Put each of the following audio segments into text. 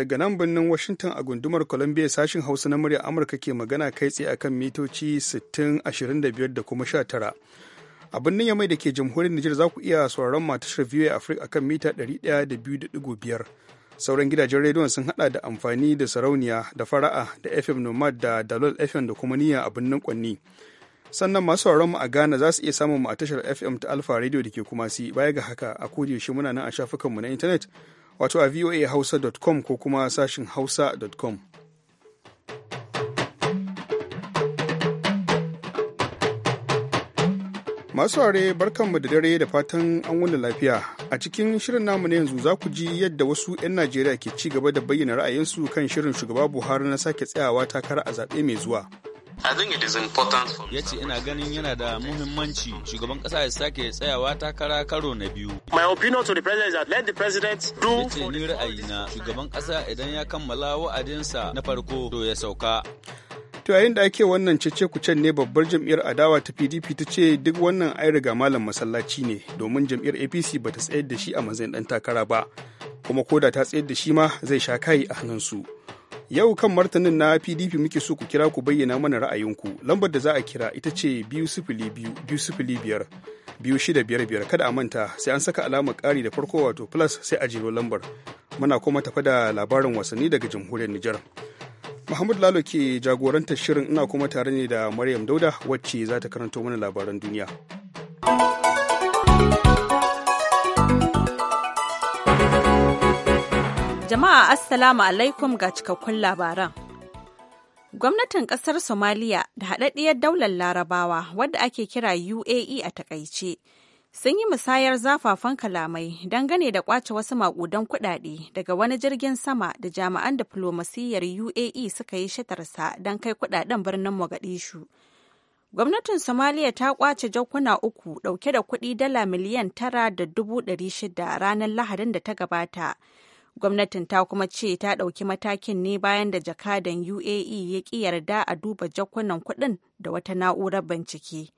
daga nan birnin Washington a gundumar Columbia sashin Hausa na murya Amurka ke magana kai tsaye akan mitoci 6025 da kuma 19. A birnin Yamai da ke jamhuriyar Nijar za ku iya sauraron a a Africa akan mita 102.5. Sauran gidajen rediyon sun hada da amfani da sarauniya da fara'a da FM Nomad da Dalol FM da kuma niyya a birnin Kwanni. sannan masu sauraron mu a Ghana za su iya samun mu a tashar FM ta Alpha Radio da ke kuma si baya ga haka a shi muna nan a shafukanmu na intanet wato a voahausa.com ko kuma sashin hausa.com. Masu ware barkanmu da dare da fatan an wuni lafiya. A cikin shirin namu na yanzu za ku ji yadda wasu 'yan Najeriya ke ci gaba da bayyana ra'ayinsu kan shirin shugaba Buhari na sake tsayawa takara a zaɓe mai zuwa. Ya ce ina ganin yana da muhimmanci shugaban kasa ya sake tsayawa takara karo na biyu. My opinion to the president is that let the president do. Ya ce ni ra'ayina shugaban kasa idan ya kammala wa'adinsa na farko to ya sauka. To yayin da ake wannan cece kucen ne babbar jam'iyyar adawa ta PDP ta ce duk wannan ai riga malam masallaci ne domin jam'iyyar APC ba ta tsayar da shi a matsayin dan takara ba kuma ko da ta tsayar da shi ma zai sha kai a hannunsu. su. Yau kan martanin na PDP muke so ku kira ku bayyana mana ra'ayinku. Lambar da za a kira ita ce biyu sifili kada a manta sai an saka alamar ƙari da farko wato plus sai a jero lambar. Muna kuma tafa da labarin wasanni daga jamhuriyar Nijar. Muhammad Lalo ke jagorantar shirin ina kuma tare ne da Maryam Dauda wacce za ta karanto mana labaran duniya. Jama'a Assalamu alaikum ga cikakkun labaran. Gwamnatin ƙasar Somaliya da haɗaɗɗiyar daular Larabawa wadda ake kira UAE a e takaice sun yi musayar zafafan kalamai dangane da ƙwace wasu maƙudan kuɗaɗe daga wani jirgin sama da jami'an diflomasiyyar UAE suka yi shatarsa don kai kuɗaɗen birnin Mogadishu. gwamnatin somaliya ta ƙwace jakuna uku ɗauke da kuɗi dala miliyan tara da dubu ɗari shida ranar lahadin da ta gabata gwamnatin ta kuma ce ta ɗauki matakin ne bayan da jakadan uae ya ƙi yarda a duba jakunan kuɗin da wata na'urar bincike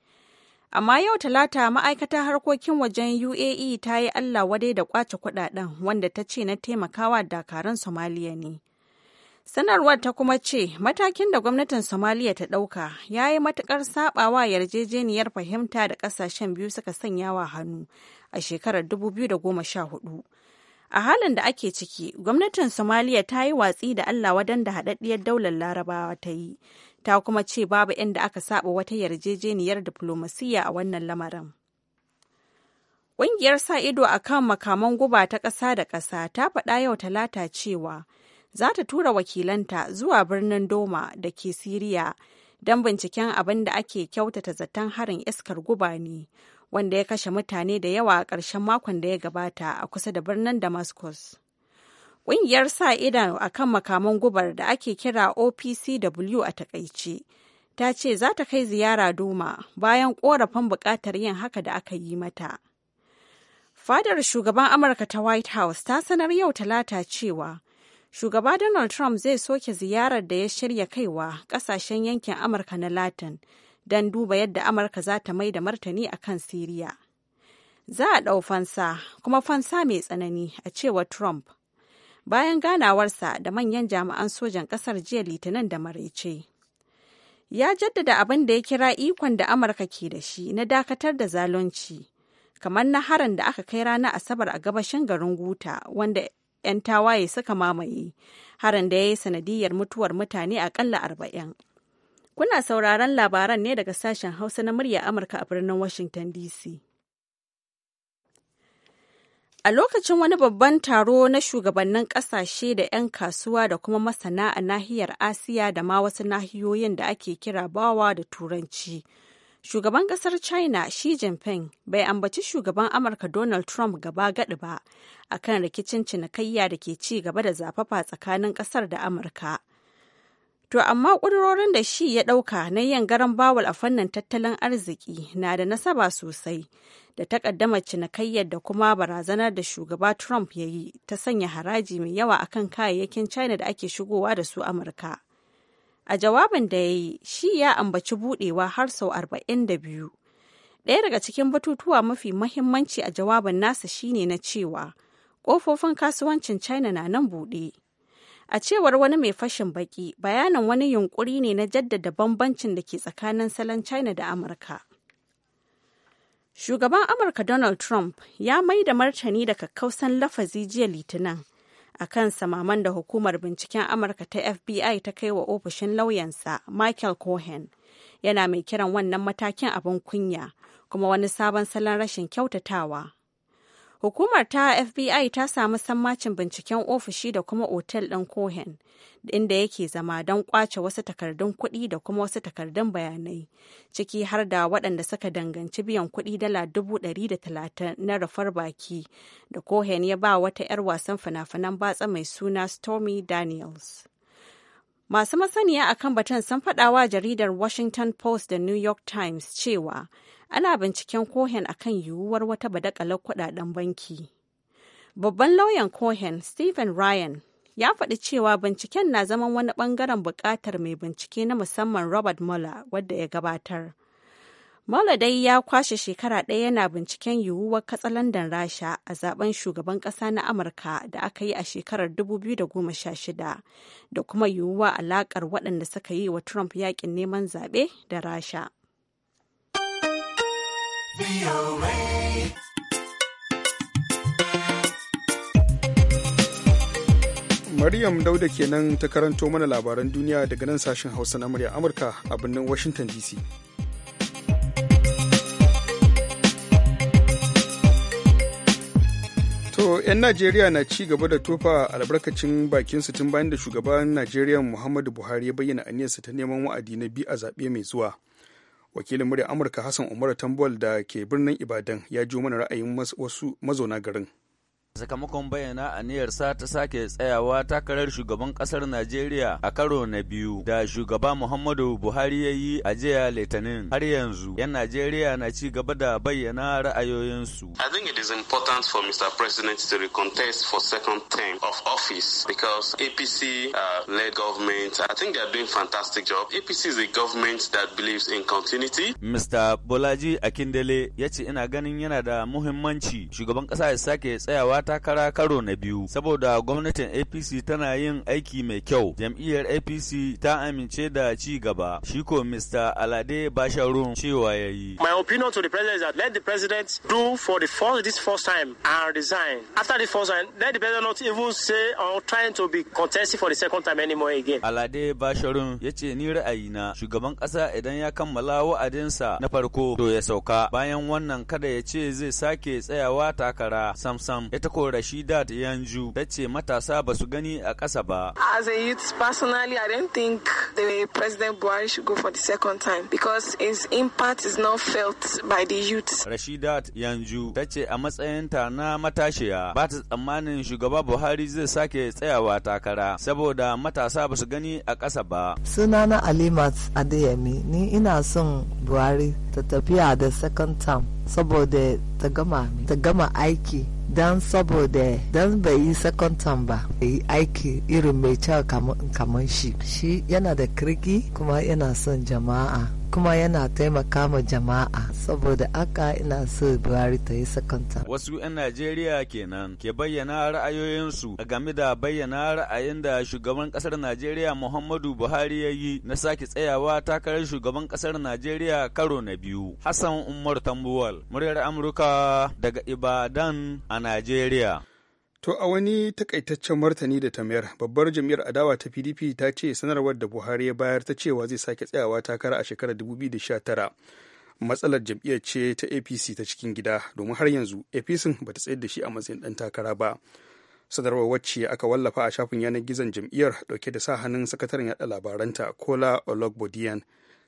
amma yau talata ma'aikatar harkokin wajen uae ta yi allah wadai da kwace kuɗaɗen wanda ta ce na taimakawa dakaran somaliya ne sanarwar ta kuma ce matakin da gwamnatin somaliya ta ɗauka ya yi matuƙar saɓawa yarjejeniyar fahimta da ƙasashen biyu suka sanyawa hannu a shekarar 2014 a halin da ake ciki gwamnatin somaliya ta yi watsi da allah wadan da haɗaɗɗiyar daular larabawa ta yi ta kuma ce babu inda aka saba wata yarjejeniyar diflomasiyya a wannan lamarin ƙungiyar sa ido a kan makaman guba ta ƙasa da ƙasa ta faɗa yau talata cewa za ta tura wakilanta zuwa birnin doma da ke siriya don binciken abin da ake kyautata zaton harin iskar guba ne wanda ya kashe mutane da yawa a ƙarshen makon da ya gabata a kusa da birnin damascus ƙungiyar sa idan a kan makaman gubar da ake kira opcw a takaice ta ce za ta kai ziyara duma, bayan ƙorafin buƙatar yin haka da aka yi mata fadar shugaban amurka ta white house ta sanar yau talata cewa shugaba donald trump zai soke ziyarar da ya shirya kaiwa ƙasashen yankin amurka na latin don duba yadda amurka za ta mai da martani a kan siriya za a ɗau fansa kuma fansa mai tsanani a cewa trump bayan ganawarsa da manyan jami'an sojan ƙasar jiya litinin da maraice ya jaddada abin da ya kira ikon da amurka ke da shi na dakatar da zalunci kamar na harin da aka kai rana asabar a gabashin garin guta wanda 'yan tawaye suka mamaye harin da ya yi sanadiyar mutuwar mutane akalla arba'in. Kuna sauraron labaran ne daga sashen Hausa na murya Amurka a birnin Washington DC. A lokacin wani babban taro na shugabannin ƙasashe da 'yan kasuwa da kuma masana a nahiyar Asiya da ma wasu nahiyoyin da ake kira bawa da Turanci. Shugaban ƙasar China Xi Jinping bai ambaci shugaban Amurka Donald Trump gaba gaɗi ba a kan rikicin cinikayya da ke ci gaba da zafafa tsakanin ƙasar da Amurka. To amma ƙudurorin da shi ya ɗauka na yin garan bawal a fannin tattalin arziki na da nasaba sosai da takaddama cinikayyar da kuma barazanar da shugaba Trump ya yi ta sanya haraji mai yawa a kan kayayyakin China da ake shigowa da su Amurka. A jawabin da ya yi, shi ya ambaci budewa har sau arba'in da biyu. Ɗaya daga cikin batutuwa mafi mahimmanci a jawabin nasa shine na cewa, ƙofofin kasuwancin China na nan buɗe. A cewar wani mai fashin baki, bayanin wani yunkuri ne na jaddada bambancin da ke tsakanin salon China da Amurka. Shugaban Amurka Donald Trump ya mai da martani da kakkausan lafazi jiya Litinin a kan samaman da hukumar binciken Amurka ta FBI ta kai wa ofishin lauyansa Michael Cohen. Yana mai kiran wannan matakin abin kunya, kuma wani sabon salon rashin kyautatawa. Hukumar ta FBI ta samu sammacin binciken ofishi da kuma otel ɗin Cohen inda yake zama don kwace wasu takardun kuɗi da kuma wasu takardun bayanai, ciki har da waɗanda suka danganci biyan kuɗi dala dubu ɗari da talatin na rufar baki da Cohen ya ba wata 'yar wasan fina-finan batsa mai suna Stormy Daniels. Masu masaniya akan batun sun faɗawa jaridar Washington Post da New York Times cewa ana binciken cohen kan yiwuwar wata badakalar kudaden banki babban lauyan cohen stephen ryan ya faɗi cewa binciken na zaman wani ɓangaren buƙatar mai bincike na musamman robert mueller wadda ya gabatar mueller dai ya kwashe shekara ɗaya yana binciken yiwuwar katsalandan rasha a zaben shugaban ƙasa na amurka da aka yi a shekarar 2016 da kuma yiwuwa alaƙar waɗanda suka yi wa trump yaƙin neman zaɓe da rasha Maryam Dauda kenan ta karanto mana labaran duniya daga nan sashen Hausa na murya Amurka a birnin Washington DC. To, 'yan Najeriya na ci gaba da tofa albarkacin bakinsu tun bayan da shugaban Najeriya Muhammadu Buhari ya bayyana aniyarsa ta neman wa'adi na biyu a zaɓe mai zuwa. wakilin murya amurka hassan umar tambol da ke birnin ibadan ya ji mana ra'ayin wasu mazauna garin sakamakon bayyana aniyarsa ta sake tsayawa takarar shugaban kasar Najeriya a karo na biyu da shugaba Muhammadu Buhari ya yi a jiya Litinin. Har yanzu, 'yan Najeriya na ci gaba da bayyana ra'ayoyinsu. I think it is important for Mr. President to recontest for second term of office because APC uh, led government, I think they are doing fantastic job. APC is a government that believes in continuity. Mr. Bolaji Akindele ya ce ina ganin yana da muhimmanci shugaban kasa ya sake tsayawa takara karo na biyu saboda gwamnatin apc tana yin aiki mai kyau jam'iyyar apc ta amince da ci gaba shi ko mr alade basharun cewa ya yi my opinion to the president is that let the president do for the first this first time and resign after the first time let the president not even say or trying to be contested for the second time anymore again alade basharun ya ce ni ra'ayina shugaban kasa idan ya kammala wa'adinsa na farko to ya sauka bayan wannan kada ya ce zai sake tsayawa takara sam sam ita ko Rashidat Yanju ta ce matasa ba su gani a ƙasa ba. As a youth personally I don't think the President Buhari should go for the second time because his impact is not felt by the youth. Rashidat Yanju ta ce a matsayinta na matashiya ba ta tsammanin shugaba Buhari zai sake tsayawa takara saboda matasa ba su gani a ƙasa ba. Sunana Alimat Adeyemi ni ina son Buhari ta tafiya da second term saboda ta gama aiki don saboda don bai yi second term ba yi aiki irin mai kyau kamar shi shi yana da kirki kuma yana son jama'a kuma yana taimaka ma jama'a saboda aka ina so buhari ta yi sakanta wasu 'yan najeriya kenan ke bayyana ra'ayoyinsu a game da bayyana ra'ayin da shugaban kasar najeriya muhammadu buhari ya yi na sake tsayawa takarar shugaban kasar najeriya karo na biyu hassan umar tambuwal muryar amurka daga ibadan a najeriya To a wani takaitaccen martani da ta mayar babbar jam'iyyar adawa ta PDP ta ce sanarwar da Buhari ya bayar ta cewa zai sake tsayawa takara a shekarar 2019 matsalar jam'iyyar ce ta APC ta cikin gida domin har yanzu APC ba ta tsayar da shi a matsayin ɗan takara ba. Sanarwar wacce aka wallafa a shafin yanar gizon jam'iyyar dauke da sa hannun sakataren yaɗa labaranta Kola Ologbodiyan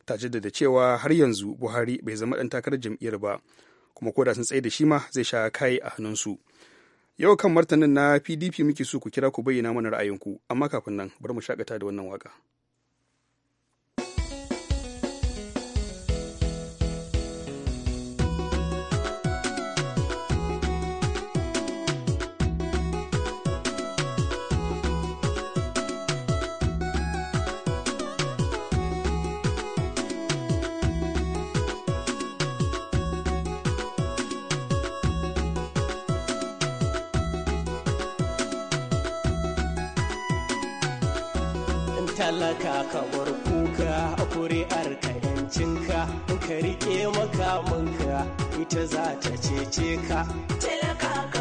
ta jaddada cewa har yanzu Buhari bai zama ɗan takarar jam'iyyar ba kuma ko da sun tsaye da shi ma zai sha kai a hannunsu. su. Yau kan martanin na PDP muke so ku kira ku bayyana mana ra'ayinku, amma kafin nan bari mu shakata da wannan waka. maka ka bar kuka kuri'ar ka yancinka in ka riƙe makamanka ita za ta cece ka talaka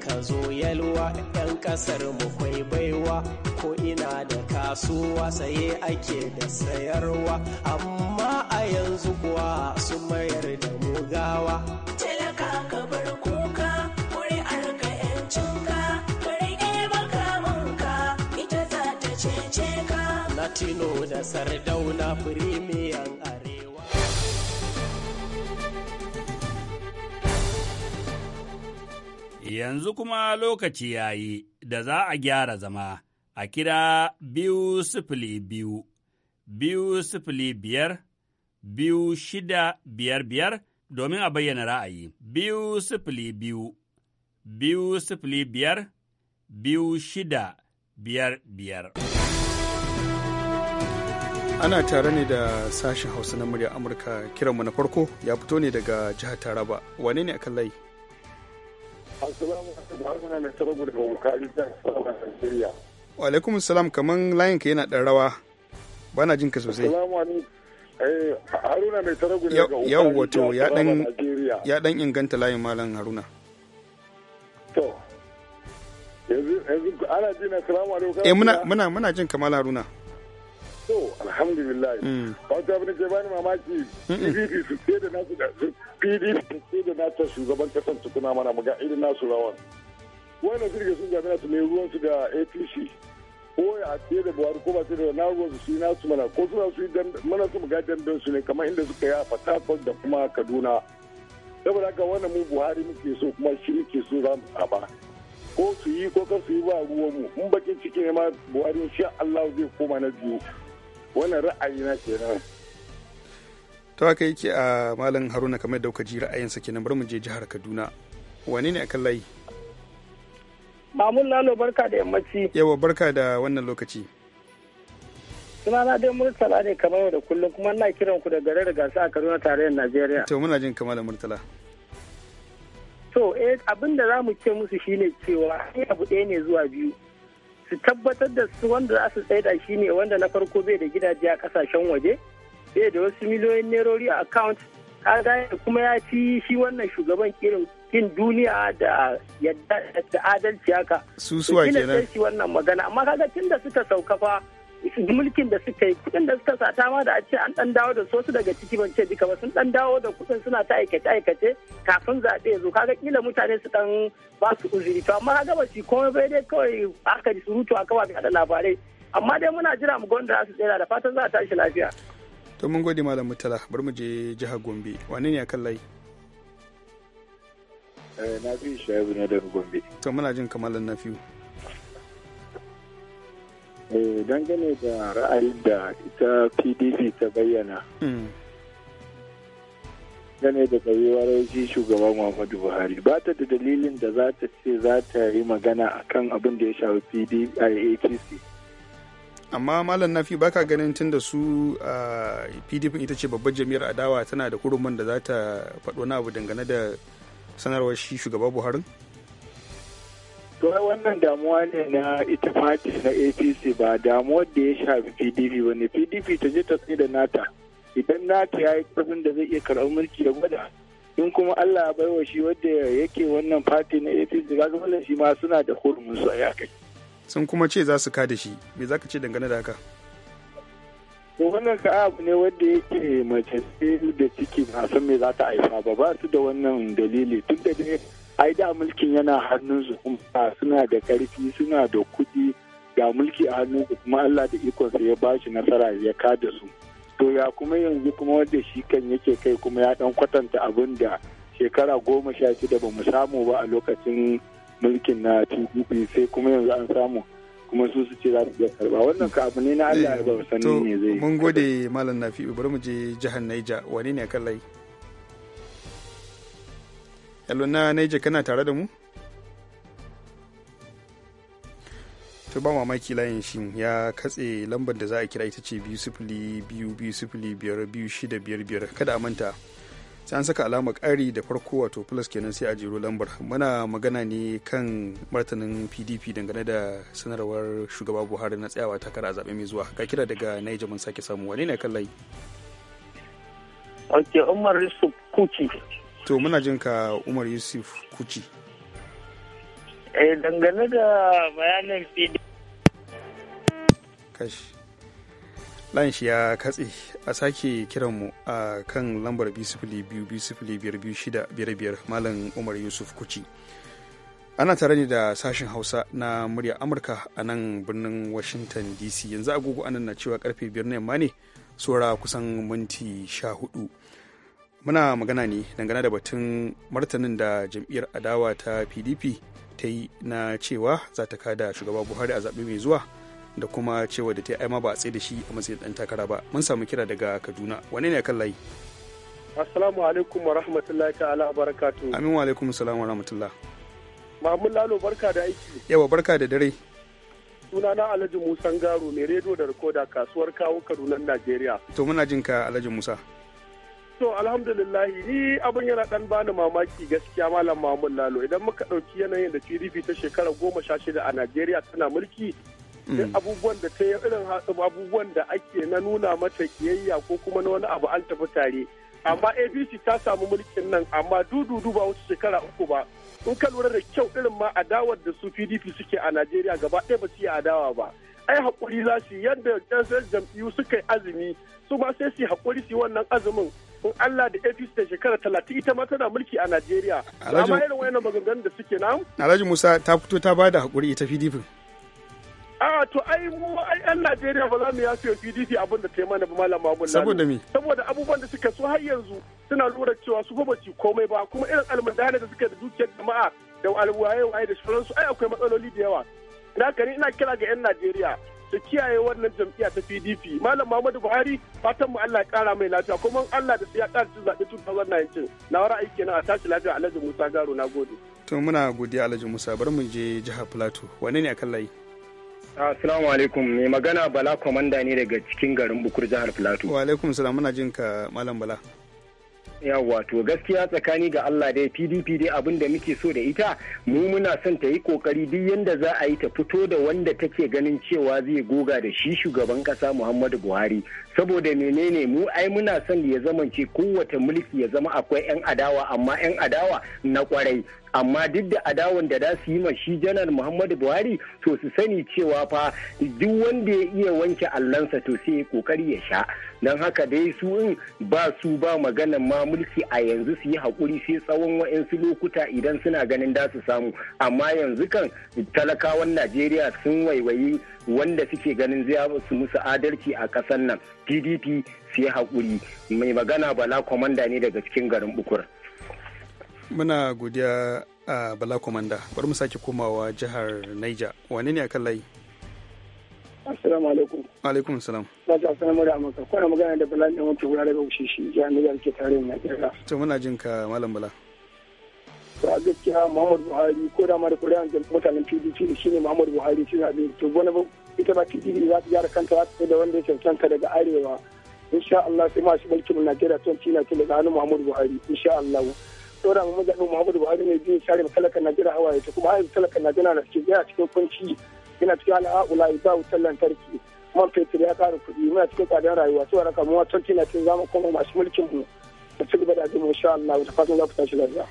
ka zo yalwa yan kasar mu kwai baiwa ko ina da kasuwa saye ake da sayarwa amma a yanzu kuwa su mayar da mu gawa talaka ka bar kuka kuri'ar ka ita za cece ka latino da sardauna firimiyan Yanzu kuma lokaci ya yi da za a gyara zama a kira biyu sifili biyu, biyu sifili biyar, biyu shida biyar biyar domin a bayyana ra'ayi. Biyu sifili biyu, biyu sifili biyar, biyu shida biyar biyar. Ana tare ne da sashen Hausa na murya Amurka kiranmu na farko ya fito ne daga jihar Taraba. Wane ne akan layi? alaikum Wa alaikum salam kaman layin ka yana dan rawa. Bana jin ka sosai. Yau wato eh, ya dan inganta layin malam Haruna. To. Yanzu ana jin alaikum. Eh muna muna muna jin malam Haruna. so alhamdulillah mm. ta bane ke bani mamaki pdp su ce da nasu pdp su ce da nasu shugaban kasan tukuna mana muga irin nasu rawan wannan firge sun jami'a su mai ruwansu da apc ko ya ce da buhari ko ba ce da na ruwansu su yi nasu mana ko suna su yi mana su muga dandan su ne kamar inda suka yi a fatakon da kuma kaduna saboda haka wannan mu buhari muke so kuma shi muke so za mu saba ko su yi ko ka su yi ba ruwanmu in bakin cikin ne ma buhari insha Allah zai koma na biyu wannan ra'ayi na kenan to aka yi ke a malam haruna kamar yadda kuka ji ra'ayinsa kenan bari mu je jihar kaduna wani ne akan layi mamun lalo barka da yammaci yawa barka da wannan lokaci sunana dai murtala ne kamar da kullum kuma na kiran ku da gare ga gasa a kaduna tarayyar najeriya to muna jin kamar da murtala to eh abin da za mu ce musu shine cewa abu ɗaya ne zuwa biyu su tabbatar da su wanda za su tsaida shi ne wanda na farko bai da gidaje a kasashen waje bai da wasu miliyoyin nerori a account kaga kuma ya ci shi wannan shugaban kirin kin duniya da yadda da adalci haka su suwa kenan shi wannan magana amma kaga tunda suka sauka fa mulkin da suka yi kudin da suka sata ma da a ce an dan dawo da su daga ciki ban ce duka ba sun dan dawo da kudin suna ta aikace aikace kafin zaɓe zo kaga kila mutane su dan ba su uzuri to amma kaga ba shi komai bai dai kawai aka surutu a kawa da labarai amma dai muna jira mu gwanda su tsira da fatan za a tashi lafiya. to mun gode malam mutala bari mu je jihar gombe wane ne a kan layi. Eh, na fi shaibu ne daga gombe. to muna jin kamalan na Eh, dangane da ra'ayin da ita pdp ta bayyana hmm. dangane da tsayuwar shi shugaban muhammadu buhari ba ta da dalilin da za ta ce za ta yi magana kan abin da ya shafi pdp eh, apc amma malam nafi baka ganin tun da su pdp ita ce babbar jami'ar adawa tana da kurumin da za ta faɗo na abu dangane da sanarwar shi shugaban buhari to wannan damuwa ne na ita fati na apc ba damuwar da ya shafi pdp ba ne pdp ta je ta tsaye da nata idan nata ya yi karfin da zai iya karɓar mulki ya gwada in kuma allah ya baiwa shi wadda yake wannan fati na apc ga wannan shi ma suna da hurumin su a yakai sun kuma ce za su kada shi me za ka ce dangane da haka to wannan ka abu ne wanda yake mace da ciki ba san me za ta haifa ba ba su da wannan dalili tun da dai ai da mulkin yana hannun su kuma suna da karfi suna da kudi ga mulki a hannun su kuma Allah da ikonsa ya ba shi nasara ya ka da su to ya kuma yanzu kuma wanda shi kan yake kai kuma ya dan kwatanta abin da shekara goma sha shida ba mu samu ba a lokacin mulkin na PDP sai kuma yanzu an samu kuma su su ce za su iya karba wannan ka abu ne na Allah ya eh, ba sanin ne zai mun gode malam Nafi'u bari mu je jihar Niger wani ne kan hello na naija kana tare da mu to ba mamaki layin shi ya katse lambar da za a kira ita ce biyu sifili biyu biyu sifili biyar biyu shida biyar biyar kada a manta sai an saka alamar ƙari da farko wato plus kenan sai a jero lambar muna magana ne kan martanin pdp dangane da sanarwar shugaba buhari na tsayawa takara a zaɓe mai zuwa ka kira daga naija mun sake samu wani ne kan layi ok umar yusuf kuki to muna jin ka umar yusuf kuci eh dangane da bayanin kashi lan shi ya katse a sake kiranmu a kan lambar biyar malam umar yusuf kuci ana tare ne da sashen hausa na murya amurka a nan birnin washington dc yanzu agogo anan na cewa karfe biyar na yamma ne saura kusan minti sha hudu muna magana ne dangane da batun martanin da jam'iyyar adawa ta pdp ta yi na cewa za ta kada shugaba buhari a zaɓe mai zuwa da kuma cewa da ta yi ba a tsaye da shi a matsayin ɗan takara ba mun samu kira daga kaduna wane ne kan layi assalamu alaikum wa rahmatullahi ta'ala barakatu amin wa alaikum salam wa rahmatullah mahmud lalo barka da aiki yawa barka da dare sunana alhaji musa garo mai rediyo da rikoda kasuwar kawo kaduna najeriya to muna jin ka alhaji musa so alhamdulillahi ni abin yana dan bani mamaki gaskiya malam Mamun Lalo idan muka ɗauki yanayin da PDP ta shekara goma sha shida a Najeriya tana mulki mm. duk abubuwan da ta irin abubuwan da ake na nuna mata kiyayya ko kuma na wani abu an tafi tare. Amma APC ta samu mulkin nan amma dudu ba wasu shekara uku ba. In ka lura da kyau irin ma adawar da su PDP suke a Najeriya gaba ɗaya ba su yi adawa ba. ai hakuri za su yadda jam'iyyu suka yi azumi su ma sai su hakuri su wannan azumin in Allah da APC da shekara talatin ita ma tana mulki a Najeriya. Amma irin wayannan maganganun da suke na. Alhaji Musa ta fito ta bada hakuri ita PDP. a to ai mu ai yan Najeriya ba za mu yafe wa PDP abin da ta yi mana ba malam Mamun Saboda me? Saboda abubuwan da suka so har yanzu suna lura cewa su ba ci komai ba kuma irin almundana da suka da dukiyar jama'a da alwaye waye da sauransu ai akwai matsaloli da yawa. Na kare ina kira ga yan Najeriya da kiyaye wannan jam'iyya ta PDP malam Muhammadu Buhari fatan mu Allah ya kara mai lafiya kuma Allah da ya kara cin zaɓe 2019 na ra'ayi kenan a tashi lafiya Alhaji Musa Garo na gode to muna godiya Alhaji Musa bari mu je jihar Plateau wane ne akan layi Assalamu alaikum mai magana Bala kwamanda ne daga cikin garin Bukur jihar Plateau wa alaikum salam muna jin ka malam Bala yawa to gaskiya tsakani ga Allah dai PDP dai abin da muke so da ita mu muna son ta yi kokari duk yanda za a yi ta fito da wanda take ganin cewa zai goga da shi shugaban kasa Muhammadu Buhari saboda menene mu ai muna son ya zamance kowace mulki ya zama akwai 'yan adawa amma 'yan adawa na kwarai amma duk da adawan da za su yi ma shi janar muhammadu buhari to su sani cewa fa duk wanda ya iya wanke allansa to sai ya kokari ya sha don haka dai su in ba su ba maganan ma mulki a yanzu su yi haƙuri sai tsawon wa'insu lokuta idan suna ganin da su samu amma yanzu kan talakawan najeriya sun waiwayi wanda suke ganin zai su musu adalci a ƙasar nan pdp su yi haƙuri mai magana bala kwamanda ne daga cikin garin bukur muna godiya a bala kwamanda bari mu sake komawa jihar naija wane ne a kan layi assalamu alaikum alaikum salam ba ta sanar mura da amurka kwana magana da bala ne wata wurare daga ushishi jihar naija ke tare da kira to muna jin ka malam bala a gaskiya muhammadu buhari ko da mara kuri'an mutanen pdp ne muhammadu buhari shi zaɓe to wani ita ba pdp za ta gyara kanta za ta da wanda ya cancanta daga arewa insha Allah sai masu mulkin Najeriya tun cina tun daga hannun Muhammadu Buhari insha Allah dora mu mazaɓin Muhammadu Buhari ne zai share talakan Najeriya hawaye ta kuma yanzu talakan Najeriya na cikin yana cikin kunci yana cikin ula ita wutar lantarki man fetur ya ƙara kuɗi muna cikin tsadar rayuwa sai raka mu tun cina tun zamu koma masu mulkin mu da ci gaba da jimu insha Allah da fatan za ku tashi lafiya.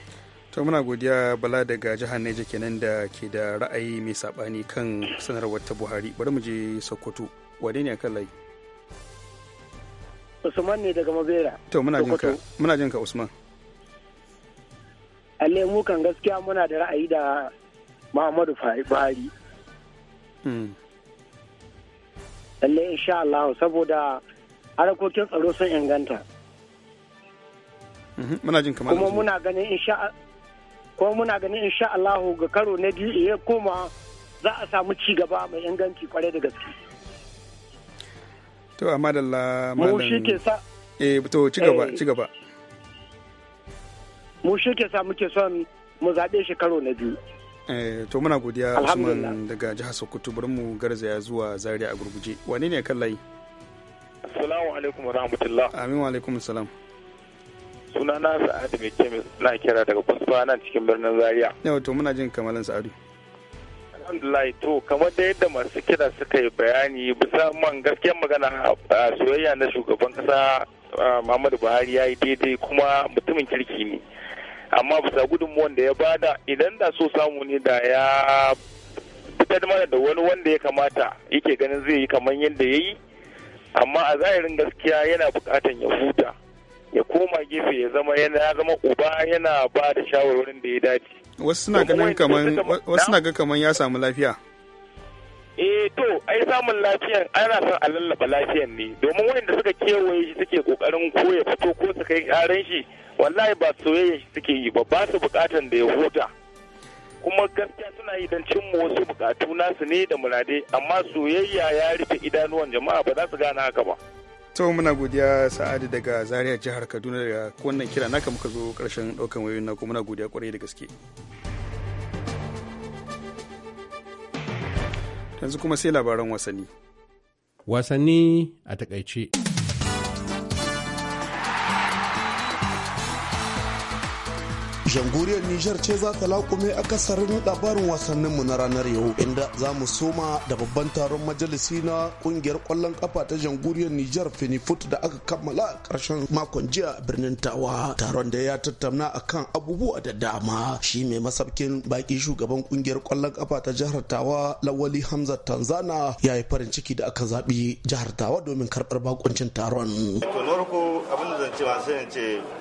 to muna godiya bala daga jihar neja kenan da ke da ra'ayi mai saɓani kan sanarwar ta buhari bari mu je sokoto wane ne kan layi usman ne daga mabera to muna jinka muna jinka usman alle mu kan gaskiya muna da ra'ayi da muhammadu buhari hmm. lalle insha Allah saboda harkokin tsaro sun inganta mhm, muna jin kamar kuma muna ganin insha ko muna ganin insha Allah ga karo na biyu ya koma za a samu ci gaba mai inganci kwarai da gaske. To amma da malam. shi ke sa. Eh to ci gaba eh. ci gaba. Mu shi ke sa muke son mu zaɓe shi karo na biyu. Eh to muna godiya Usman daga jihar Sokoto bari mu garzaya zuwa Zaria a gurguje. Wane ne kallai? Assalamu alaikum wa rahmatullah. Amin wa alaikum salam. suna na sa'adu mai kemis na kira daga kusurwa nan cikin birnin zaria yau to muna jin kamalan sa'adu alhamdulillah to kamar da yadda masu kira suka yi bayani bisa man gaskiyar magana a soyayya na shugaban kasa muhammadu buhari ya yi daidai kuma mutumin kirki ne amma bisa gudunmuwan da ya bada idan da so samu ne da ya fitar mana da wani wanda ya kamata yake ganin zai yi kamar yadda ya yi amma a zahirin gaskiya yana bukatan ya huta ya koma gefe ya zama yana ya zama uba yana ba da shawarwarin da ya dace wasu suna ga kamar ya samu lafiya eh to ai samun lafiyan ana son a lallaba lafiyan ne domin wanda suka kewaye shi suke kokarin koya ya fito ko su kai karin shi wallahi ba soyayya shi suke yi ba ba su bukatan da ya huta kuma gaskiya suna yi don cimma wasu bukatu nasu ne da murade amma soyayya ya rufe idanuwan jama'a ba za su gane haka ba to muna godiya sa'adu daga zaria jihar kaduna da wannan kira naka muka zo karshen daukan wayoyin na kuma muna godiya kwarai da gaske yanzu kuma sai labaran wasanni wasanni a takaice jamhuriyar Nijar ce za ta laƙume kasarin labarin wasanninmu na ranar yau inda za mu soma da babban taron majalisi na kungiyar Kwallon kafa ta Janguriyar Nijar Finifut da aka kammala a ƙarshen makon jiya a birnin Tawa. Taron da ya tattauna akan abubuwa da dama shi mai masabkin baki shugaban kungiyar Kwallon kafa ta jihar Tawa Lawali Hamza Tanzana ya yi farin ciki da aka zaɓi jihar Tawa domin karɓar bakuncin taron.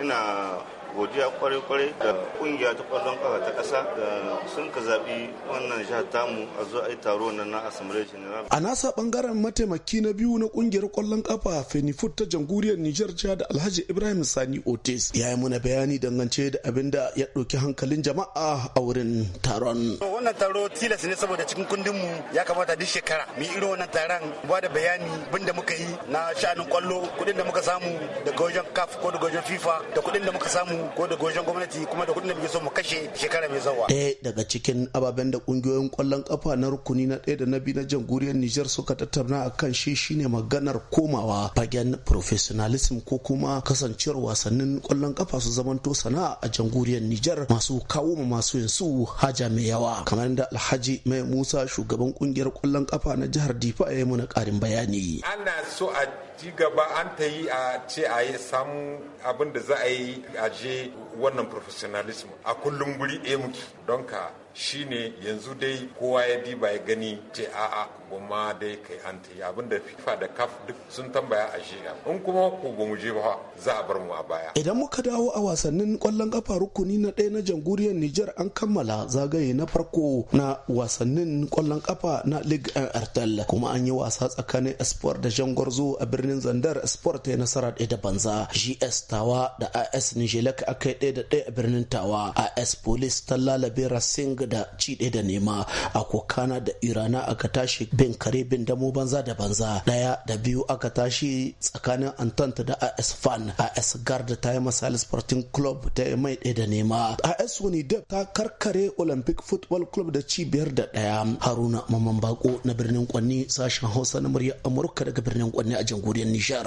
ina godiya kwarai-kwarai da kungiya ta kwallon kafa ta kasa da sun ka zaɓi wannan jihar tamu a zo a yi taro na na asambare general. A nasa bangaren mataimaki na biyu na kungiyar kwallon kafa Fenifut ta jamhuriyar Nijar jiya da Alhaji Ibrahim Sani Otis ya yi muna bayani dangance da abin da ya ɗauki hankalin jama'a a wurin taron. Wannan taro tilas ne saboda cikin kundin mu ya kamata duk shekara mu yi irin wannan taron ba da bayani bin da muka yi na sha'anin kwallo kuɗin da muka samu daga wajen CAF ko daga wajen FIFA da kuɗin da muka samu ko da goshen gwamnati kuma da kudin da muke so mu kashe shekara mai zawa. Ɗaya daga cikin ababen da ƙungiyoyin ƙwallon kafa na rukuni na ɗaya da na biyu na jamhuriyar Nijar suka tattauna a kan shi shine maganar komawa fagen professionalism ko kuma kasancewar wasannin ƙwallon kafa su zamanto sana'a a jamhuriyar Nijar masu kawo ma masu yin su haja mai yawa. Kamar da Alhaji Mai Musa shugaban ƙungiyar ƙwallon kafa na jihar Difa ya yi mana ƙarin bayani. Ana so a ci gaba an ta yi a ce a yi samu abin da za a yi a je wannan professionalism a kullum guri ɗaya muke don ka shine yanzu dai kowa ya diba ya gani ce a'a goma dai kai an ta abin fifa da kaf duk sun tambaya a shiga in kuma ko ba mu je ba za a bar mu a baya idan muka dawo a wasannin kwallon kafa rukuni na ɗaya na jamhuriyar niger an kammala zagaye na farko na wasannin kwallon kafa na league 1 artal kuma an yi wasa tsakanin sport da Jangorzo a birnin Zandar sport ta nasara ɗaya da banza GS Tawa da AS Nijelek aka yi ɗaya da ɗaya a birnin Tawa AS Police ta lalabe Racing da ci ɗaya da nema a kokana da irana aka tashi bin kare bin damo banza da banza ɗaya da biyu aka tashi tsakanin antanta da as fan as garda ta yi masa sporting club ta yi mai ɗaya da nema as wani ta karkare olympic football club da ci biyar da ɗaya haruna maman bako na birnin kwanni sashen hausa na murya amurka daga birnin kwanni a jamhuriyar nishar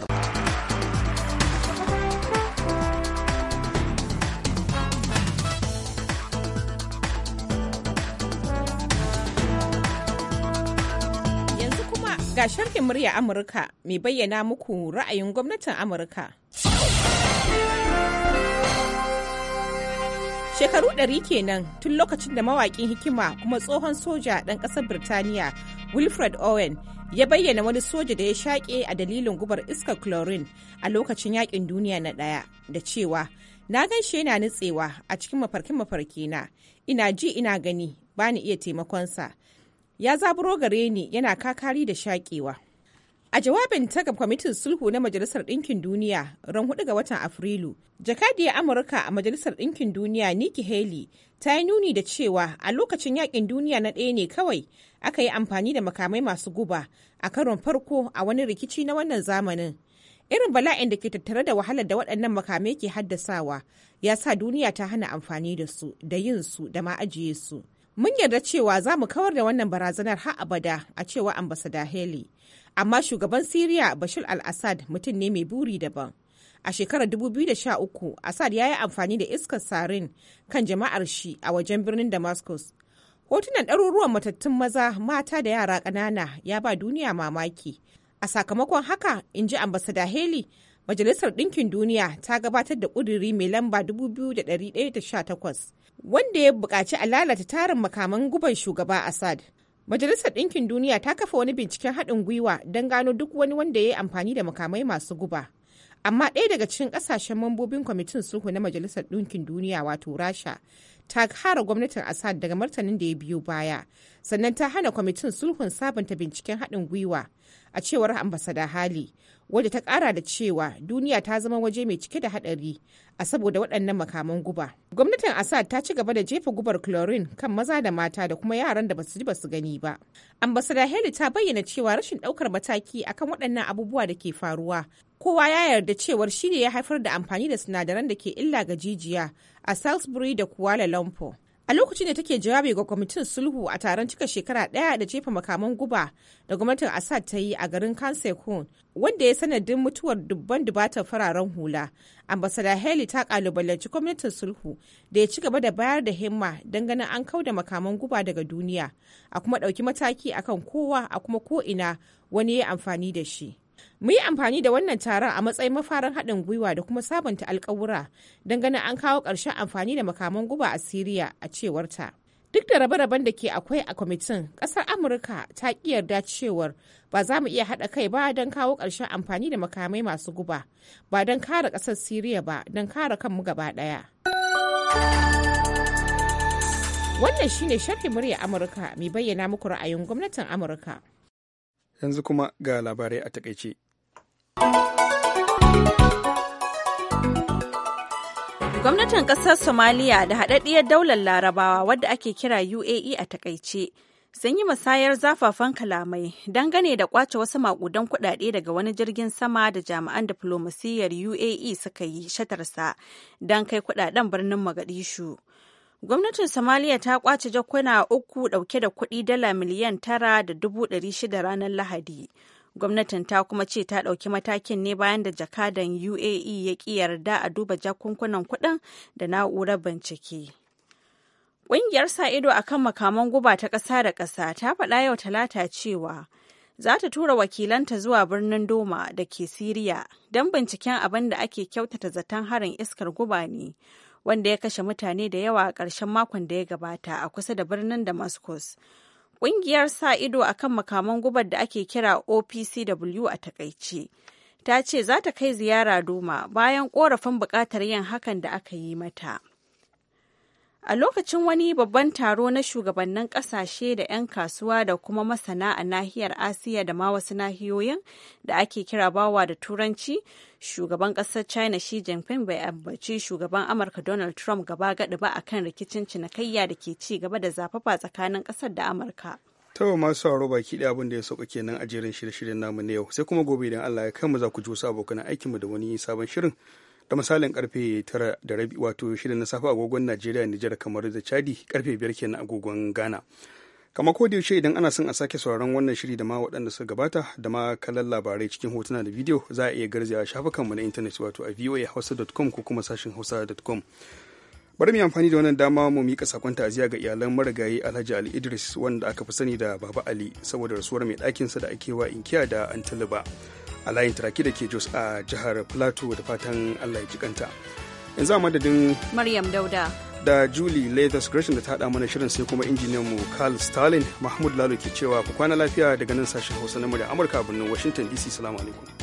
Ga sharhin murya Amurka mai bayyana muku ra'ayin gwamnatin Amurka. Shekaru ɗari kenan tun lokacin da mawaƙin hikima kuma tsohon soja ɗan ƙasar Birtaniya Wilfred Owen ya bayyana wani soja da ya shaƙe a dalilin gubar iskar chlorine a lokacin yaƙin duniya na ɗaya da cewa na ganshi yana nutsewa a cikin mafarkin mafarkina ina ji ina gani bani iya taimakonsa ya zaburo gare ni yana kakari da shakewa. A jawabin ta ga kwamitin sulhu na Majalisar Ɗinkin Duniya ran hudu ga watan Afrilu, jakadiya Amurka a Majalisar Ɗinkin Duniya Nikki Haley ta yi nuni da cewa a lokacin yakin duniya na ɗaya ne kawai aka yi amfani da makamai masu guba a karon farko a wani rikici na wannan zamanin. Irin bala'in da ke tattare da wahalar da waɗannan makamai ke haddasawa ya sa duniya ta hana amfani da su da yin su da ma ajiye su. Mun yarda cewa za mu kawar da wannan barazanar har abada a cewa ambasada Haley. Amma shugaban Siriya Bashir al-Assad mutum ne mai buri daban. A shekarar 2013, Assad ya yi amfani da iskar sarin kan jama'ar shi a wajen birnin Damascus. Hotunan ɗaruruwan matattun maza, mata da yara ƙanana ya ba duniya mamaki. A sakamakon haka, in ji ambasada Haley, Majalisar Ɗinkin Duniya ta gabatar da ƙuduri mai lamba 2118 wanda ya buƙaci a lalata tarin makaman guban shugaba Assad. Majalisar Ɗinkin Duniya ta kafa wani binciken haɗin gwiwa don gano duk wani wanda ya yi amfani da makamai masu guba. Amma ɗaya daga cikin ƙasashen mambobin kwamitin sulhu na Majalisar Ɗinkin Duniya wato Rasha ta kara gwamnatin Assad daga martanin da ya biyo baya, sannan ta hana kwamitin sulhun sabunta binciken haɗin gwiwa a cewar ambasada hali wadda ta kara da cewa duniya ta zama waje mai cike da hadari a saboda waɗannan makaman guba gwamnatin assad ta ci gaba da jefa gubar chlorine kan maza da mata da kuma yaran da basu ji basu gani ba ambasada heli ta bayyana cewa rashin ɗaukar mataki akan waɗannan abubuwa da ke faruwa kowa ya yarda cewar shi ne ya haifar da amfani da sinadaran da ke illa ga jijiya a salisbury da kuala lumpur a lokacin da take jawabi ga kwamitin sulhu a taron cika shekara ɗaya da jefa makaman guba da gwamnatin assad ta yi a garin kansekun wanda ya sanadin mutuwar dubban dubatar fararen hula ambasada haley ta kalubalanci gwamnatin sulhu da ya ci gaba da bayar da himma don ganin an kau da makaman guba daga duniya a kuma ɗauki mataki akan kowa a kuma ko'ina wani ya amfani da shi mu yi amfani da wannan taron a matsayin mafarin haɗin gwiwa da kuma sabunta alkawura don ganin an kawo ƙarshen amfani da makaman guba a siriya a cewarta duk da rabe-raben da ke akwai a kwamitin ƙasar amurka ta ƙi yarda cewar ba za mu iya haɗa kai ba don kawo ƙarshen amfani da makamai masu guba ba don kare ƙasar siriya ba don kare kanmu gaba ɗaya wannan shine sharhi murya amurka mai bayyana muku ra'ayin gwamnatin amurka yanzu kuma ga labarai a takaice Gwamnatin ƙasar Somaliya da haɗaɗɗiyar daular Larabawa wadda ake kira UAE a e takaice sun yi musayar zafafan kalamai dangane da ƙwace wasu maƙudan kuɗaɗe daga wani jirgin sama da jami'an diflomasiyyar UAE suka yi shatarsa don kai kuɗaɗen birnin Magadishu. Gwamnatin Somaliya ta ƙwace jakuna uku ɗauke da kuɗi dala miliyan tara da dubu ɗari shida ranar Lahadi. gwamnatin ta kuma ce ta ɗauki matakin ne bayan da jakadan uae ya ƙi yarda a duba jakunkunan kuɗin da na'urar bincike ƙungiyar sa ido a kan makaman guba ta ƙasa da ƙasa ta faɗa yau talata cewa za ta tura wakilanta zuwa birnin doma da ke siriya don binciken abin da ake kyautata zaton harin iskar guba ne wanda ya kashe mutane da yawa a ƙarshen makon da ya gabata a kusa da birnin damascus Ƙungiyar sa ido a kan makaman gubar da ake kira OPCW a takaice. Ta ce za ta kai ziyara Duma bayan ƙorafin buƙatar yin hakan da aka yi mata. A lokacin wani babban taro na shugabannin kasashe da 'yan kasuwa da kuma masana a nahiyar Asiya da ma wasu nahiyoyin da ake kira bawa da turanci, shugaban ƙasar China Xi Jinping bai ambaci shugaban Amurka Donald Trump gaba gaɗi ba akan rikicin cinikayya da ke ci gaba da zafafa tsakanin ƙasar da Amurka. Tawa masu haro baki da abin da ya sauka kenan a jerin shirye-shiryen namu na yau sai kuma gobe idan Allah ya kai mu za ku ji wasu abokan aikinmu da wani sabon shirin da misalin karfe tara da wato shida na safe agogon Najeriya Nijar kamar da Chadi karfe 5 kenan agogon Ghana kamar ko yaushe idan ana son a sake sauraron wannan shiri da ma waɗanda suka gabata da ma kallon labarai cikin hotuna da bidiyo za a iya garzaya garzawa shafukanmu na intanet wato a voahausa.com ko kuma sashin hausa.com bari mu yi amfani da wannan dama mu mika sakon ta'aziya ga iyalan marigayi Alhaji Ali Idris wanda aka fi sani da Baba Ali saboda rasuwar mai ɗakinsa da ake wa inkiya da antalaba a layin taraki da ke jos a jihar plateau da fatan allah ya jikanta yanzu a madadin maryam dauda da julie leathers gresham da ta haɗa mana shirin sai kuma injiniyan mu carl stalin mahmud lalo ke cewa ku kwana lafiya daga nan sashen hausa na murya amurka birnin washington dc salamu alaikum